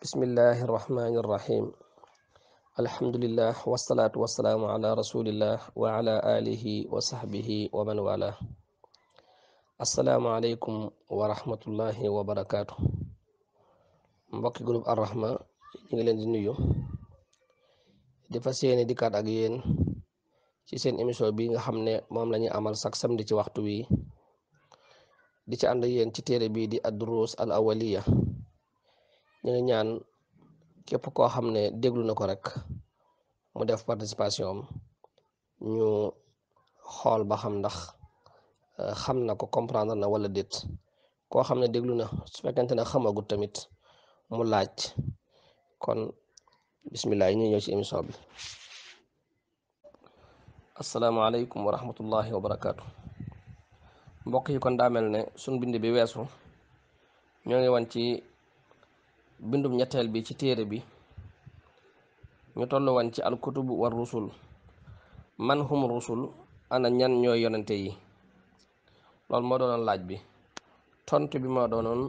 bismillahi irrahmani irrahim alhamdulillah wasalaatu wasalaamu ala rasulillah wa ala wa sahbihi wa man wala asalaamualeykum wa rahmatullahi wa barakaatu arrahma ñu ngi leen di nuyu dafa seeni dikkaat ak yéen ci seen émission bi nga xam ne moom la ñuy amal chaque samedi ci waxtu wi di ci ànd yéen ci téere bii di al awaliya ñu ngi ñaan képp koo xam ne déglu na ko rek mu def participation am ñu xool ba xam ndax euh, xam na ko comprendre na wala déet koo xam ne déglu na su fekkente ne xamagut tamit mu laaj kon bismillah ñu ñëw ci émission bi asalaamaaleykum wa rahmatullahi wa barakaatu mbokk yi kon daa mel ne bind bi weesu ñoo ngi wan ci bindum ñetteel bi ci téere bi ñu tollu ci alkutubu war rusul man hum rusul ana ñan ñooy yonente yi loolu moo doonoon laaj bi tontu bi moo doonoon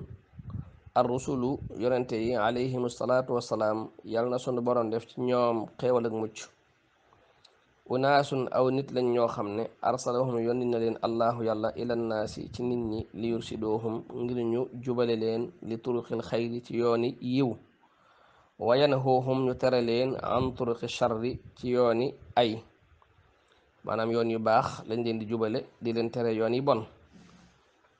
ar rusulu yonente yi alayhimu salaatu wassalaam na sunu borom def ci ñoom xéewal ak mucc unaasun aw nit lañ ñoo xam ne arsalahum yónni na leen allahu yàlla ilannaasi ci nit ñi li yursiduhum ngir ñu jubale leen li turuqil xayri ci yooni yiw wayanhuhum ñu tere leen an turuqi charri ci yooni ay maanaam yoon yu baax lañ leen di jubale di leen tere yoon yi bon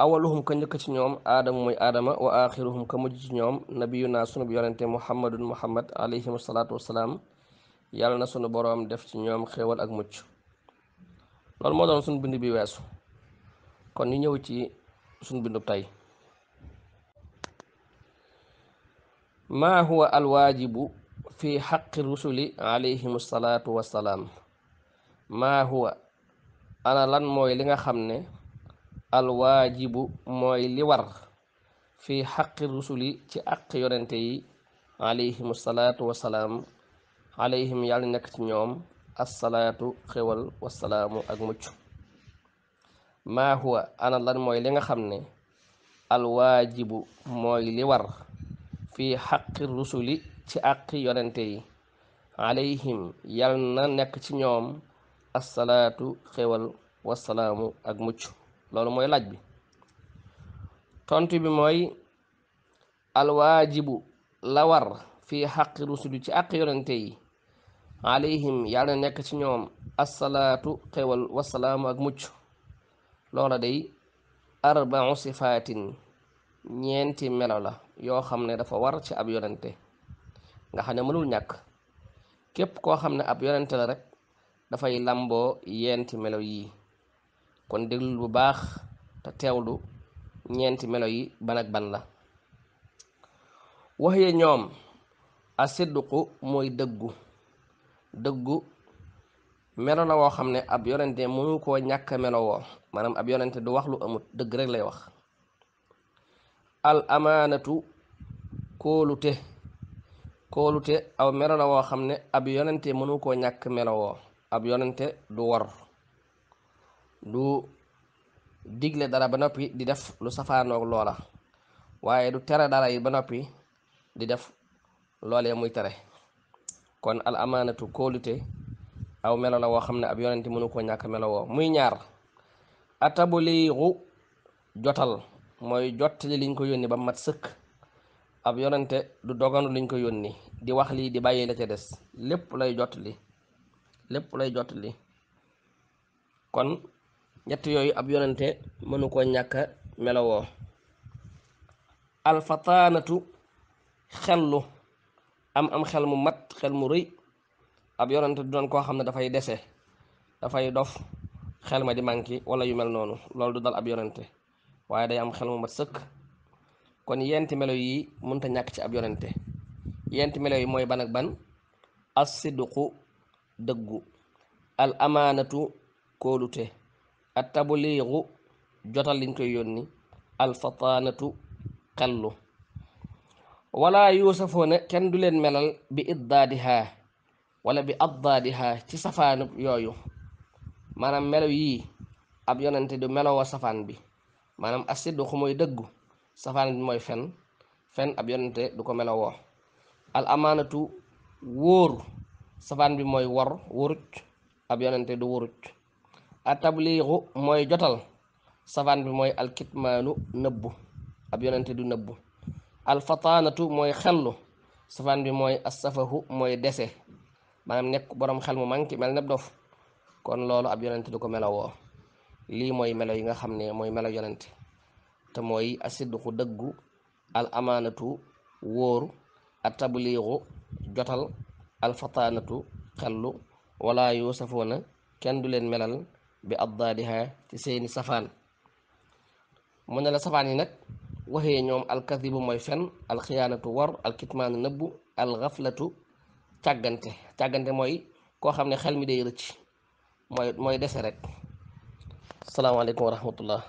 awaluhum ka njëkk ci ñoom aadama muy aadama wa axiruhum ka mujj ci ñoom nabiyuna sunub yonente muhammadun muhammad alayhim salaatu wasalaam yàlla na sunu boroom def ci ñoom xéewal ak mucc loolu moo doon sunu bind bi weesu kon ñu ñëw ci suñ bindu tey maa huwa alwaajibu fi xaqi rusuli alayhim salaatu wassalaam maa huwa ana lan mooy li nga xam ne alwaajibu mooy li war fi xaqi rusuli ci aq yonente yi alayhim salaatu wassalaam alayhim yàlla nekk ci ñoom assalaatu xéwal wasalaamu ak mucc maa huwa ana lan mooy li nga xam ne alwaajibu mooy li war fii xaqi rusuli ci àqi yonente yi alayhim yal na nekk ci ñoom assalaatu xéwal wasalaamu ak mucc loolu mooy laaj bi tontu bi mooy alwaajibu la war fii xaqi rusuli ci àq yonente yi alayhim yàlla na nekk ci ñoom assalaatu xewal wasalaamu ak mucc loola day arbau sifaatin ñeenti melo la yoo xam ne dafa war ci ab yonente nga xam ne mënul ñàkk képp koo xam ne ab yonente la rek dafay làmboo yeenti melo yi kon déglul bu baax te teewlu ñeenti melo yi ban ban la wax ñoom asiduku mooy dëggu dëggu melona woo xam ne ab yonente munu koo ñàkk melowoo maanaam ab yonente du wax lu ëmut dëgg rek lay wax al amaanatu koolute koolute aw melona woo xam ne ab yonente munu koo ñàkk melowoo ab yonente du wor du digle dara ba noppi di def lu safaanoog loola waaye du tere dara yi ba noppi di def loole muy tere kon al amaanatu kóolute aw melo la woo xam ne ab yonente mënu koo ñàkk melo muy ñaar atabliigu jotal mooy jottali liñ ko yónni ba mat sëkk ab yonente du doganu liñ ko yónni di wax lii di bàyyi la ca des lépp lay jotli lépp lay jottali kon ñett yooyu ab yonente mënu koo ñàkk melo woo alfataanatu xellu am am xel mu mat xel mu rëy ab yonante du doon koo xam ne dafay dese dafay dof xel ma di manqué wala yu mel noonu loolu du dal ab yonante waaye day am xel mu mat sëkk kon yenti melo yi ta ñàkk ci ab yonante yenti melo yi mooy ban ban as dëggu al amaanatu kóolute at tabliigu jotal liñ koy yónni al fataanatu xellu wala yuusafoona kenn du leen melal bi iddaadihaa wala bi addaadihaa ci safaanu yooyu maanaam melaw yii ab yonente du melowoo safaan bi maanaam asiddu xu mooy dëggu safaan bi mooy fen fen ab yonente du ko melowoo al amaanatu wóoru safaan bi mooy wor wuruj ab yonente du wuruj a tabliixu mooy jotal safaan bi mooy alkitmaanu nëbbu ab yonente du nëbbu alfataanatu mooy xellu safaan bi mooy asafahu mooy dese maanaam nekk boroom xel mu manqué mel ne dof kon loolu ab yonent du ko melowoo mooy melo yi nga xam ne mooy melo yonent te mooy asidduqu dëggu al amaanatu wóor a tabliixu jotal alfataanatu xellu wala yuusafoona kenn du leen melal bi addaadiha ci seeni safaan mu la safaan yi waxee ñoom alkadibu mooy fen alxiyaanatu war alkitmaanu nëbbu alxaflatu càggante càggante mooy koo xam ne xel mi day rëcc mooy mooy dese rek salaamaaleykum wa rahmatullah